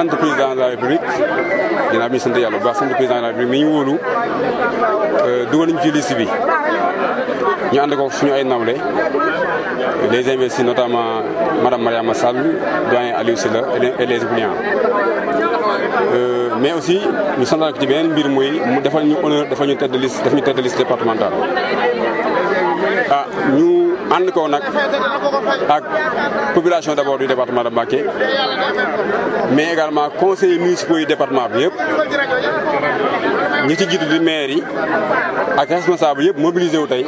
sant président de la bi ñu sant yàlla bu baax sant président de la ñu wóolu euh, dugal nañu ci liste bi ñu ànd ko suñu ay nawle les investis notamment madame Mariama Sall doyen Aliou Sylla et les clients euh, mais aussi ñu santal ko ci beneen mbir mooy mu defal ñu honneur defal ñu tête de liste def ñu tête de liste départementale ah ñu ànd ko nag ak population d'abord du département de Mbacké mais également conseillers municipaux yu département bi yëpp ñi ci jiitu di maire yi ak responsable yëpp mobilisé wu tey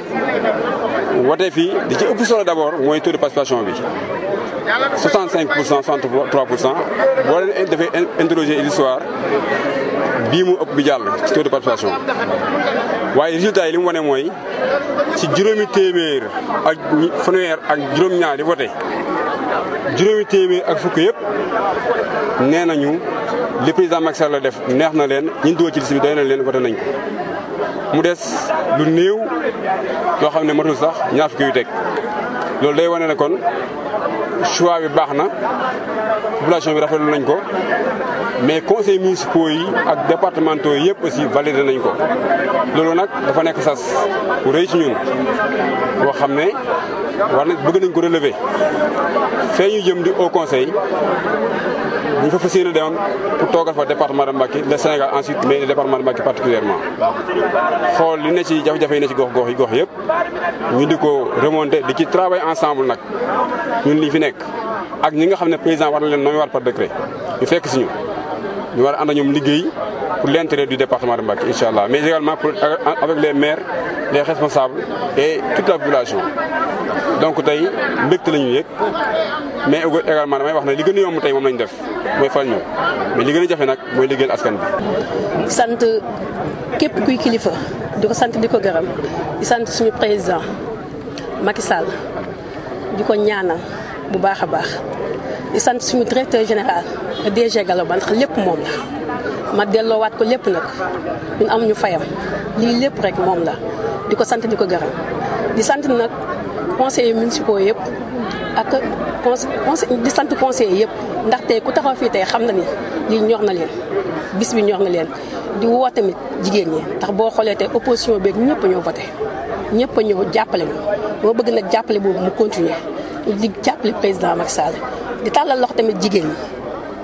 wote fii di ci ëpp solo d'abord mooy taux de participation bi 65 pour cent 63 pour cent boo leen defee interroger l'histoire bii mu ëpp bi jàll ci taux de participation waaye résultat lim wane mooy ci juróomi téeméer ak fanweer ak juróom-ñaar di juróomi téeméer ak fukk yëpp nee nañu li président Macky Sall def neex na leen ñun dugal ci liste bi doy na leen wote nañ ko mu des lu néew yoo xam ne matul sax ñaar fukki yu teg. loolu day wane na kon choix bi baax na population bi rafetlu nañ ko mais conseil municipaux yi ak départementaux yi yëpp aussi validé nañ ko loolu nag dafa nekk sas bu rëy ci ñun boo xam ne war na bëgg nañ ko relever fee ñu jëm di au conseil ñu fa fas yéene dem pour toogal fa département de Mbacké le Sénégal ensuite mais le département de Mbacké particulièrement xool li ne ci jafe-jafe yi ne ci gox gox yi gox yëpp ñu di ko remonter di ci travail ensemble nag ñun li fi nekk ak ñi nga xam ne président war na leen nooy war par décret ñu fekk si ñu ñu war a ñoom liggéey pour l'intérêt du département de Mbacké incha allah mais également pour avec les maires les responsables et toute la population donc tey mbégte la ñuy yëg mais également damay wax na li gën a yomb tey moom lañ def mooy fal ñëw mais li gën a jafe nag mooy liggéeyal askan bi. sant képp kuy kilifa di ko sant di ko gërëm sant suñu président Macky Sall di ko ñaanal bu baax a baax di sant suñu directeur général DG Gallo Ba lépp moom ma delloowaat ko lépp nag ñun fayam lii lépp rek moom la di ko sant di ko gërëm di sant nag conseillers municipaux yëpp ak conseil di sant conseillers yëpp ndaxte ku taxaw fii tey xam na ni lii ñor na leen bis bi ñor na leen di woo tamit jigéen ñi ndax boo xoolee tey opposition beeg ñëpp ñoo voté ñëpp ñëw jàppale ñu moo bëgg nag jàppale boobu mu continuer di jàppale président Macky Sall di tàllal loxo tamit jigéen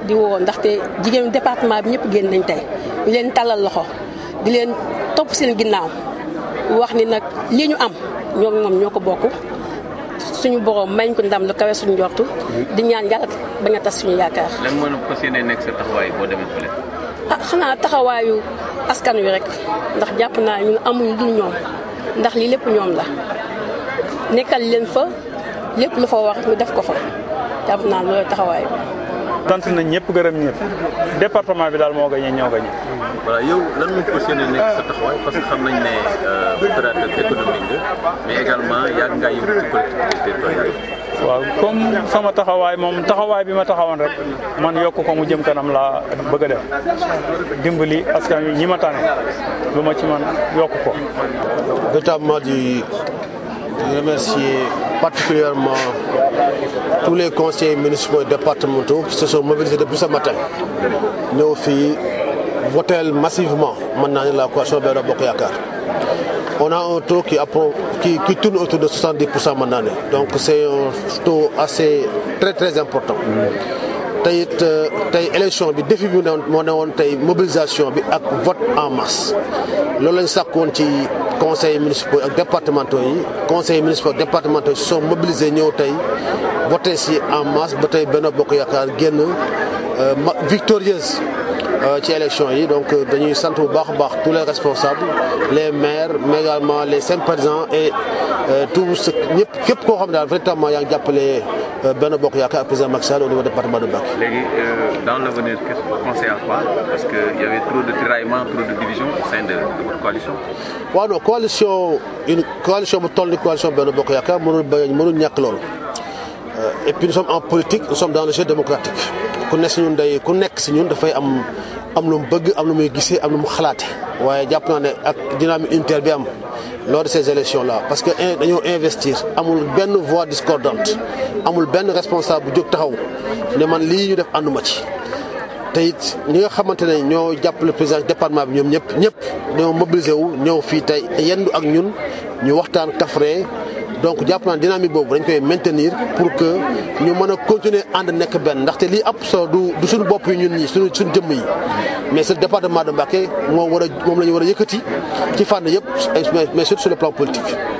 di woo ndaxte jigéen département bi ñëpp génn nañ tey ñu leen tàllal loxo di leen topp seen ginnaaw wax ni nag li ñu am ñoo moom ñoo ko bokk suñu borom may ko ndam lu kawe suñu njortu. di ñaan yàlla bañ a tas suñu yaakaar. lan moo leen fas yéene nekk sa taxawaay boo demee fële. ah xanaa taxawaayu askan wi rek ndax jàpp naa ñun amuñu dul ñoom ndax lii lépp ñoom la nekkal leen fa lépp lu fa wax ñu def ko fa jàpp naa loolu taxawaay sant nañ ñëpp gërëm ñëpp département bi daal moo gañe ñoo gañe voilà yow lan moo fas nekk sa taxawaay parce que xam nañ ne euh, opérateur économique nga mais également yàgg ngaa yëngu ci collectivité waaw comme sama taxawaay moom taxawaay bi ma taxawoon rek man yokk ko mu jëm kanam laa bëgg a def dimbali askan wi ñi ma tànn lu ma ci man yokk ko. remercier particulièrement tous les conseils municipaux et départementaux qui se sont mobilisés depuis ce matin ñëw fii voter massivement mën naa ne la coalition Benno Bokk Yaakaar on a un taux qui appro qui autour de 70 pour cent mën naa ne donc c'est un taux assez très très important. tey it euh, tey élection bi défi bi moo ne woon tey mobilisation bi ak vote en masse loolu lañ sàkkoon ci conseil municipal ak départementaux yi conseil municipal ak départementaux yi sont mobilisés ñëw tey voté si en masse ba tey benn Bokk Yaakaar génn euh, victorieuse euh, ci élection yi donc dañuy sant bu baax a baax tous les responsables les maires mais également les sympathisants et tout ce ñëpp képp koo xam daal véritablement yaa jàppale Euh, benn bokk yaakaar président Macky Sall au niveau département de Mbacké. léegi euh, dans l'avenir quest coalition. coalition bu toll ni coalition benn bokk yaakaar mënul bañ mënul ñàkk loolu euh, et puis nous sommes en politique nous sommes dans le jeu démocratique ku nekk si ñun day ku nekk si ñun dafay am am lu mu bëgg am lu muy gisee am lu mu xalaate waaye jàpp naa ne ak dynamique unitaire bi am. lors de ces élections-là parce que dañoo investir amul benn voix discordante amul benn responsable bu jóg taxaw ne man lii ñu def ànduma ci te ñi nga xamante ne ñoo jàppale président département bi ñoom ñëpp ñëpp ñoo mobilisé wu ñëw fii tey yendu ak ñun ñu waxtaan kafre donc jàpp naa dinami boobu dañ koy maintenir pour que ñu mën a continuer ànd nekk benn ndaxte li ab solo du du suñu bopp yi ñun ñi suñu suñu jëmm yi mais ce département de Mbacké moom war a moom la ñu war a yëkkati ci fànn yëpp mais surtout sur le plan politique